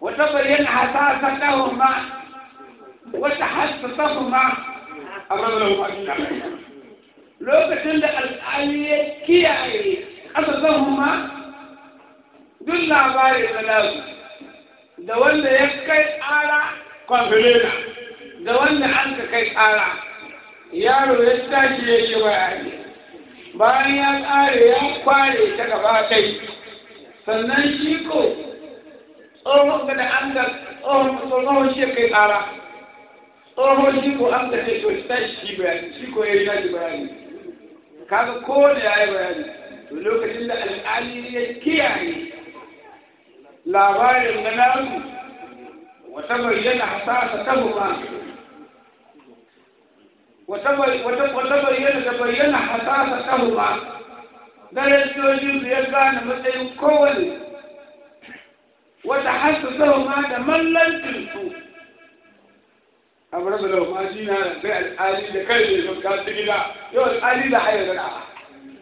وتبين حساستهما وتحسسهما أمر له أجل lokacin da al'ali ya kiyaye ƙasashen kuma duk labari na lagu da wanda ya kai ƙara kwamfilina da wanda an kai ƙara yaro ya tashi ya yi bayani bayan ya ƙare ya kware ta gaba sannan shi ko omo mbeɗa anndal onoon sirke ala omo siko amdate ko stage jibayani siko erinaji bayani kaga kone yayi bayani to lokacin da al'ali ya kiyaye labarin ganamu wata bayyana hasasa ta buƙa wata bayyana ta bayyana hasasa ta buƙa garin sojin ya gane matsayin kowane لهم هذا من لن تنسوا أمر لهم أجينا بيع الآلي لكي يكون كاتب إلى يقول الآلي لحير الآخر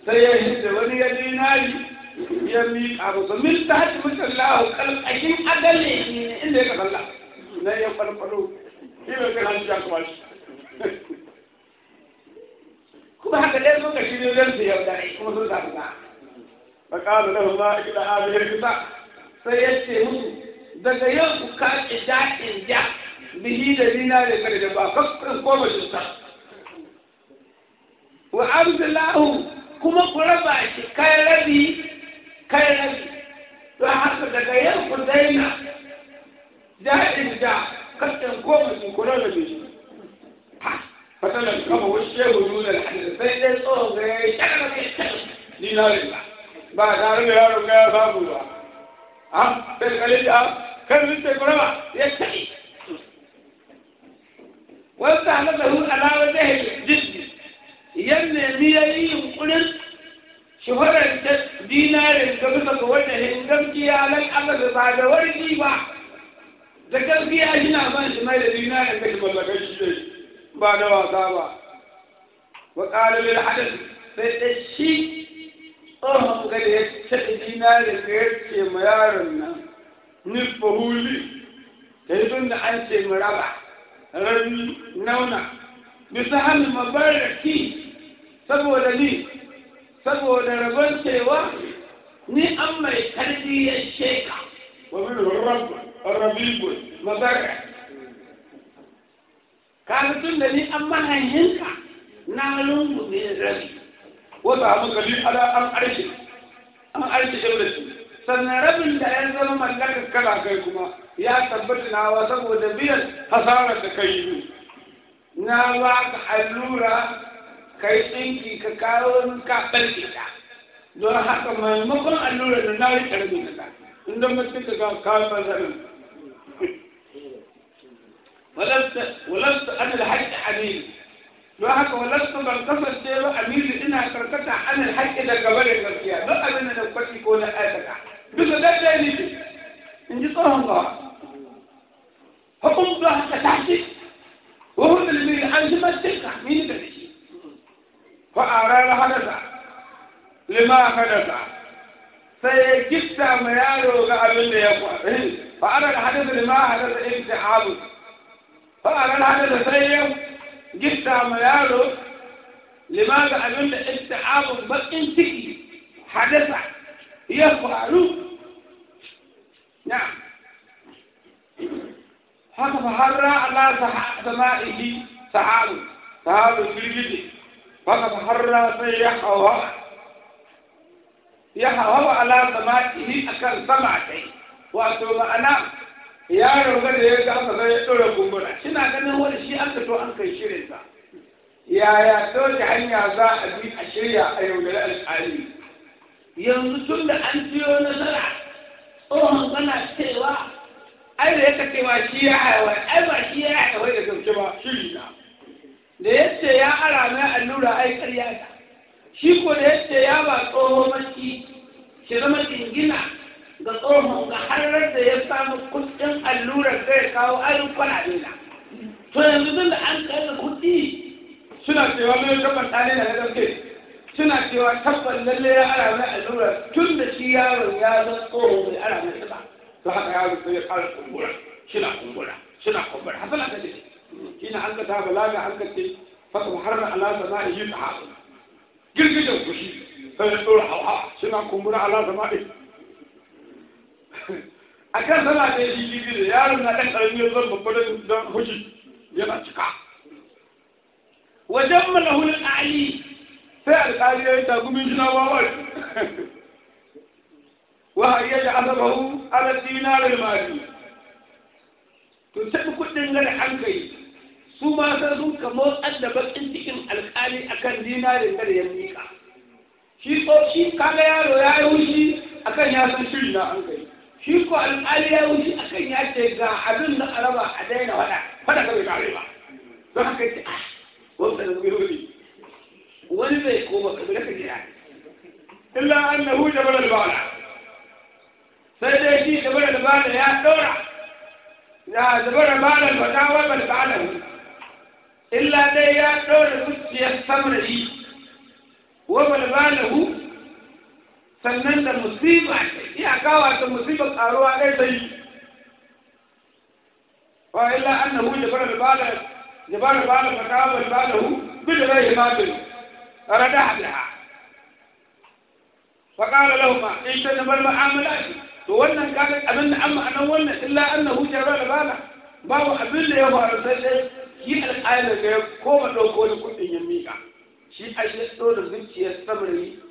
سيهد ولي ديناري يمي أبو من تحت مثل الله قلب أجيب أدلي إيه؟ إلا يقف الله لا يقلقلوا إلا كان هنجاك ماشي kuma haka ɗaya sun kashi ne zan su yau da kuma sun zafi na. Ba ƙalu lahu ma ila abin hirkisa sai ya ce musu daga yau ku kaƙi daƙin ja bihi da dinare kada da ba kafin koma jinsa wa abdullahu kuma ku raba shi kai rabi kai rabi don haka daga yau ku daina daɗin ja kafin koma shi ku raba shi fatalar kama wasu shehu nuna da sai dai tsohon ga ya yi shakararra ya shakararra dinare ba ba tare da yaron ga ya samu ba ها بالخليج ها كان انت قربا يشتكي وافتح له على وجه الجسم يمنع ميلي وقلن شهرة دينار قبل وجه قبل على الأمر بعد ورقي بعد ذكر فيها هنا ما شمال دينار قبل لك بعد وعطا وقال للحدث فالشيء tsohon gada ya ce jina da ka yace ma yaron nan nufa huli da yi tun da an ce mu raba rami nauna bisa hannu mabaraki saboda ni saboda rabon cewa ni an mai karfi ya sheka wa min rabibu mabaraki kaga tun da ni an mahaihinka na lungu ne rabi wata hankali ala an arshe an arshe ibnati sannan rabin da ya zama mallakar kana kai kuma ya tabbata nawa saboda biyan hasarar da kai yi na ba ka allura kai tsinki ka kawo ka ɓarke ta don haka maimakon allura da na yi ƙarfi na ta inda mutum ka kawo ɓangaren ولست ولست أنا الحج حبيبي don haka wallahi ban kasance ba amiru ina karkata ana haƙƙi da gaba da gaskiya don abin da kwaci ko na aikata bisa daddai ne in ji tsoron gawa hukum da haka tashi wa hudu limiri an ji matinka mini da shi fa a rara hadasa lima hadasa sai ya gifta ma yaro ga abin da ya kwaɗi fa a rara hadasa lima hadasa in ta abu fa a rara hadasa sai ya gitta ma yaro limaga abin da ista'abun bakin ciki hadasa ya faru na haka fa harra ala sama'ihi sahabu sahabu girgije haka fa harra sai ya hawa ya hawa ala sama'ihi akan sama ma'ana yaron ga da ya ga aka zai ɗora kumbura kina ganin wani shi an to an kai shirin sa yaya ɗauke hanya za a bi a shirya a yaudari alƙali yanzu tun da an ciyo nasara tsohon kana cewa ai da yaka cewa shi ya haihuwa ai ba shi ya haihuwa da gamce ba shiri na da yace ya ara mai allura ai ƙarya ta shi ko da yace ya ba tsohon maski shi zama tingina ga tsohon ga yadda ya samu kudin allurar zai kawo ayin kwana dina to yanzu tun da an kai da kuɗi suna cewa mai tabbas ta ne daga gaske suna cewa tabbas lalle ya ara mai allura tun da shi yaron ya zan tsoho mai ara mai tsaba to haka yaro sai ya fara kumbura shina kumbura shina kumbura hasala ta ce shine an ka ta balaga an ka ce fasa harna ala sana'i ta hasu girgijan kushi sai ya tsora hawa shina kumbura ala sana'i a kan tana da lili da yaron na ɗan ƙarami ya zan babba don hushi yana cika wajen malahul ali sai alƙali ya yi tagumin jina wawar wa hariya da azabahu ala dinarar mali to taɓi kuɗin gada an kai su ma sai sun kamo da bakin cikin alƙali akan dinarin gada ya mika. shi ko shi kaga yaro ya yi wushi akan ya san shirin na an kai shi ko alƙali ya wuce a kan ya ce ga abin da araba a daina faɗa faɗa kawai kare ba don haka ce a wanda da wuri wani zai koma ka zai ka gida illa annahu jabal al-bala sai dai shi jabal al-bala ya ɗora ya jabal al-bala al-fatawa bal ba'da illa dai ya ɗora zuciyar samari wa bal balahu sannan da musiba iyaka wata musibar karuwa ɗaya ta yi wa illa annahu jabara da bala jabara bala fatawa bal balahu bi da rai mabil rada hadaha fa qala lahum in tanabar ma'amalati to wannan kaga abin da amma anan wannan illa annahu jabara da bala babu abin da ya faru sai dai shi al'ayar da ya koma dauko ni kudin ya mika shi ashe dole zuciyar samari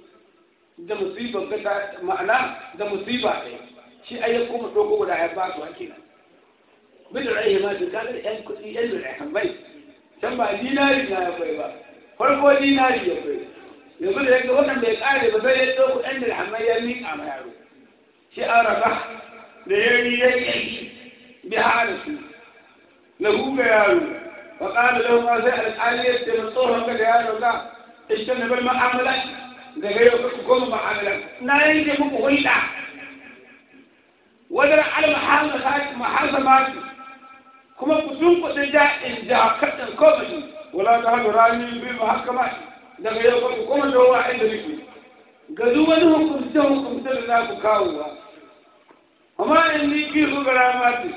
da musibar ga ma'ana da musiba ɗaya shi ai ya kuma dogo guda ya ba su hakina bidar ai ma da kalar yan kuɗi yan da ai bai can ba dinari na ya bai ba farko dinari ya bai yanzu da yadda wannan bai kare ba sai ya ɗauko yan da hamai ya miƙa ma yaro shi an raba da ya yi ya yi bi hada su na huga yaro wa ƙara lau ma sai alƙali ya ce na tsohon ka da yaro ka ishtar na bar ma'amala daga yau ku koma mu'amala na yanke muku hulɗa Wadar al-muhazamatu kuma ku tunkuɗe da in da kaɗin komai wala ta hadu rani bi muhakkama daga yau ku koma dawowa inda nake ga duk wani hukumce hukumce da za ku kawo ba amma in ni ki ku gara mati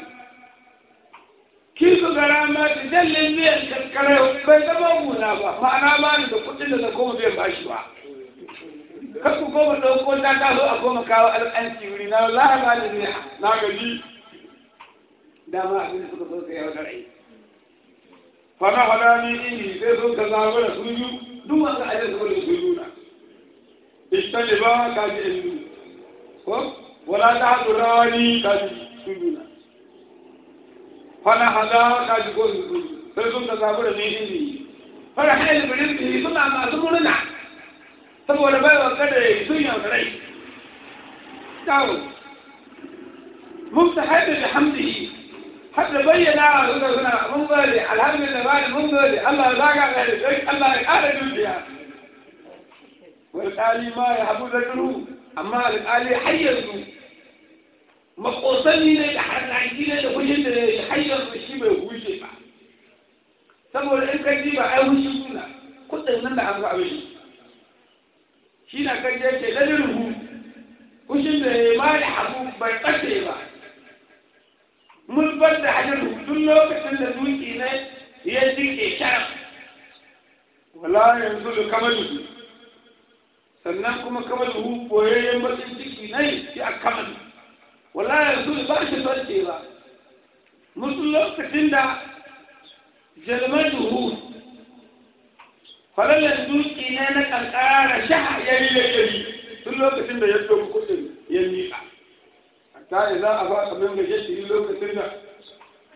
ki ku gara mati dan limiyar karkarai bai zama muna ba ma'ana ba ni da kuɗin da zan koma biyan bashi ba kan ku goma ɗauko ta ta zo a goma kawo alƙanci wuri na wallahi ba da zai na gaji dama abin da suka so ka yau da rai fana fana ni ini sai so ka zama da suju duk wanda ajin su da suju na istali ba ka ji ilmi ko wala ta hadu rawani ka ji suju na fana hada ka ji ko suju sai so ka zama da ni ini fara hayar birin suna masu murna saboda baiwa kada ya yi sun rai kawo mufta haɗe da hamdihi haɗe bayyana a zuwa suna mun gode alhamdulillah ba da mun gode Allah ya zaga da da sai Allah ya ƙara dukiya Wani qali ma ya haɓu da duru amma alƙali qali hayyanzu makosanni ne da harnaki ne da kujin da hayyanzu shi bai huce ba saboda in ka ba ai hujji suna kudin nan da an ga abin shi na kan da yake lalin ruhu kushin da ya ma da hasu bai tsaye ba mun bar da hajjar tun lokacin da duki ne ya jike sharaf wala yanzu da kamalu sannan kuma kamalu boyayyen bakin ciki ne ya kamalu wala yanzu da ba shi tsaye ba mun lokacin da jalmatu farallan duki ne na kankara shaha ya yi laifari tun lokacin da ya ɗauki kuɗin ya miƙa ta yi za a ba a manga ya shiri lokacin da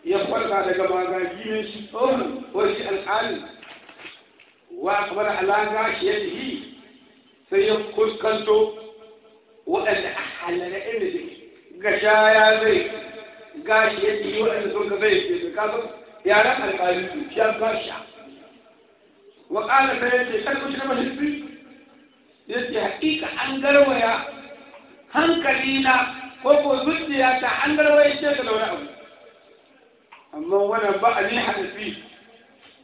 ya farka daga magaji ne shi tsohon ko shi alƙali wa kamar alaga shi ya yi sai ya kuskanto waɗanda a halara inda da ga shaya zai gashi ya yi waɗanda sun ka zai ke da kasar yaran alƙali su shi an ba wa ƙala ta yace kar ku shiga majalisi yace hakika an garwaya hankali na ko ko zuciya ta an garwaya ce da wani abu amma wannan ba a ne hadisi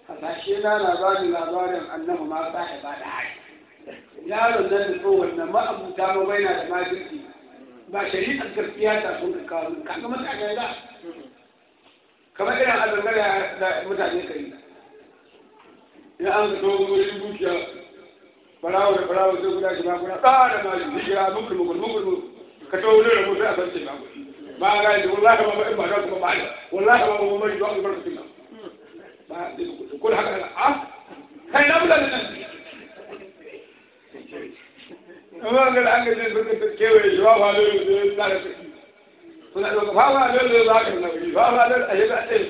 hasashe na labarin labarin annabi ma sahiba da haƙi yaron nan da tsohon nan ma abuta ma bai na da majirki ba shari'ar gaskiya ta sun ka kawo kaga mutane da kamar irin azangar da mutane ka yi ina an ka dogon wurin dukiya barawo da barawo sai guda shi makuna tsara ma shi jira mukul mukul mukul ka to wurin rabu sai a san sai makuna ba ga shi wallahi ba ba in ba da kuma ba da wallahi ba ba ba ba ba ba ba ko haka da a kai na bula da nan amma ga an ga jin duka kewaye shi ba ba da da tsara sai kuna da ba ba da da ba ka na ba ba da a yi ba sai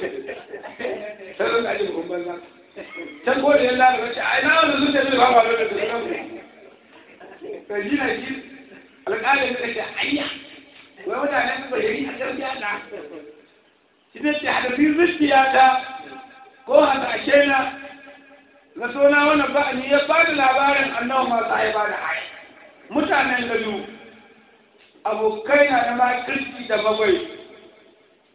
sai da ajin gumban nan can ko da yalla da wace ai na wannan zuciya ne ba ma da su ka ji na ji alƙalin da kace ayya wai mutanen su bayyani a gaskiya na shi ne ta hadafin zuciya ta ko hasashe na na sona wannan ba ni ya ba da labarin annabi masu haifa da hai mutanen gado abokai na da ma kirki da babai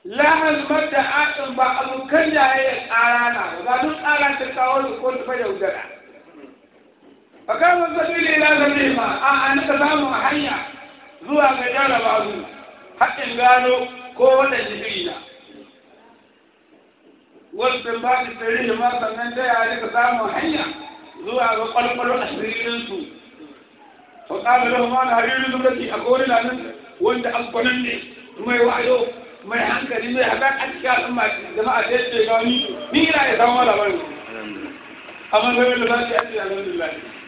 la'al da aqil ba abokan jayayya tsara na ba duk tsara ta kawo rukun fa yaudara fa kan wanda ne ila zabi ma a an ka samu hanya zuwa ga jaraba su haƙin gano ko wanda jibiri na wasu ba su tsari ma sannan da ya ka samu hanya zuwa ga kwalkwalo asirinsu fa kama da ma na haririn lokaci a kowane nan wanda an kwanin ne mai wayo mai hankali mai haɗar a cikin al'umma jama'a da yadda ya gawa ni ni ina ya zama labarin amma zai wani ba shi a cikin alhamdulillah